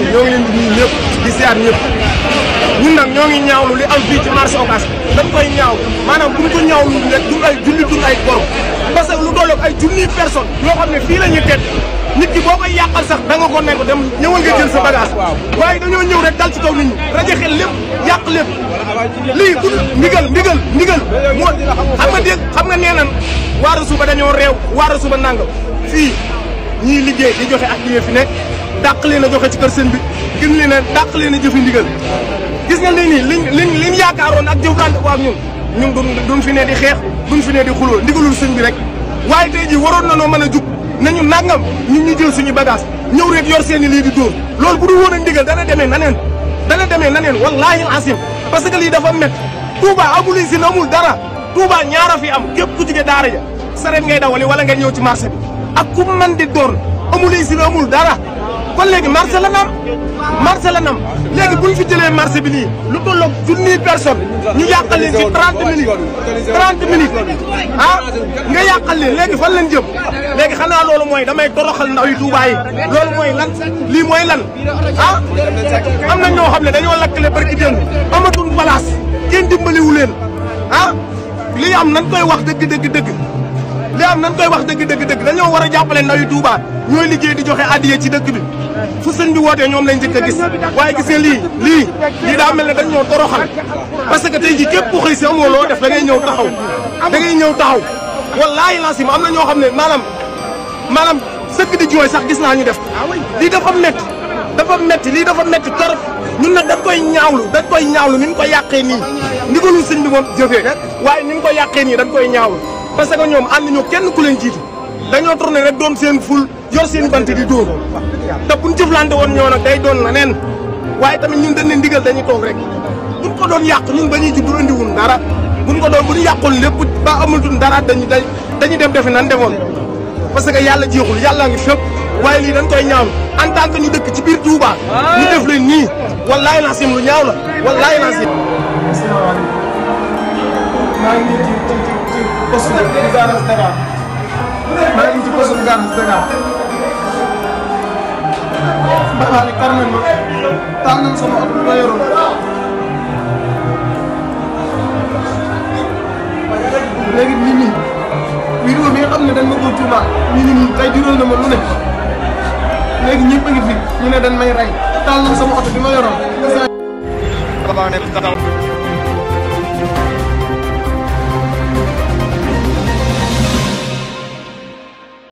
ñoo ngi leen di ñun nag ñoo ngi ñaawlu li am fii ci marché Ocass dañ koy ñaaw maanaam buñ ko ñaaw lu rek du ay junni du ay borom parce que lu dolloog ay junniy personne yoo xam ne fii la ñuy nit ki boo koy yàqal sax da nga ko nekk dem ñëwal nga jël sa bagage waaye dañoo ñëw rek dal ci kaw nit ñi rajo xel lépp yàq lépp lii du ndigal ndigal ndigal moo xam nga dégg xam nga nee nan waaru suba dañoo réew waaru suba nangam fii ñii liggéey di joxe ak li fi nekk dàq leen a joxe ci kër sëñ bi gën leen a dàq leen a jëfi ndigal gis nga ne nii liñ liñ liñ yaakaaroon ak jëflante ko ak ñun ñun duñ duñ fi ne di xeex duñ fi ne di xuloo ndigalul sëñ bi rek waaye waroon na noo mën a jug nañu nangam ñun ñu jël suñu bagage ñëw rek yor seen i lii di dóor loolu bu dul woon a ndigal dana demee naneen dana demee naneen wallaahi asim parce que lii dafa métti Touba amul usine amul dara Touba ñaara fi am képp ku jige daara ja sareet ngay dawali wala nga ñëw ci marché bi ak ku mën di doon amul usine amul dara kon léegi marché la nam marché la nam léegi bu ñu fi jëlee marché bi nii lu tolloog junniy personne ñu yàqal leen ci 30 minutes 30 minutes ah nga yàqal leen léegi fan lañ jëm léegi xanaa loolu mooy damay toroxal ndaw yi Touba yi loolu mooy lan lii mooy lan ah am na ñoo xam ne dañoo lakkale barki démb amatul place kenn dimbaliwu leen ah li am nañ koy wax dëgg dëgg dëgg li am nañ koy wax dëgg dëgg dëgg dañoo war a jàppale ndaw yi Touba ñooy liggéey di joxe addiya ci dëkk bi fu sëñ bi wootee ñoom lañ njëkk a gis waaye gis nga lii lii lii daa mel ne dañ toroxal parce que tey jii képp ku xëy si amoo loo def da ngay ñëw taxaw da taxaw wallaahi lancim am na ñoo xam ne maanaam maanaam sëkk di jooy sax gis naa ñu def lii dafa métti dafa métti lii dafa métti torop ñun nag dañ koy ñaawlu dañ koy ñaawlu ni ñu ko yàqee nii ndigalu sëñ bi moom jëfee waaye ni ñu ko yàqee nii dañ koy ñaawlu parce que ñoom ànd ñu kenn ku leen jiitu dañoo tourné rek doon seen ful yor seen bant di dóor te buñ jëflante woon ñoo day doon na neen waaye tamit ñun dañ ne ndigal dañuy toog rek buñ ko doon yàq ñun ba ñuy juddu andiwun dara buñ ko doon bu ñu yàqul lépp ba amultun dara dañu dañ dañuy dem defi nan defoon parce que yàlla jeexul yàlla ngi fépp waaye lii dañ koy ñaaw en tant que ñu dëkk ci biir Touba ñu def leen nii wallaay naa sim lu ñaaw la wallaay naa sim asalaamaaleykum maa ngi ci ci ci poste bi taal nañ sama oto bi ma xam ne dañ ma ko tuumaal ñu ngi nii na ma lu ne léegi ñëpp a fi ñu ne dañ may rey taal nañ sama oto bi ma yoroon.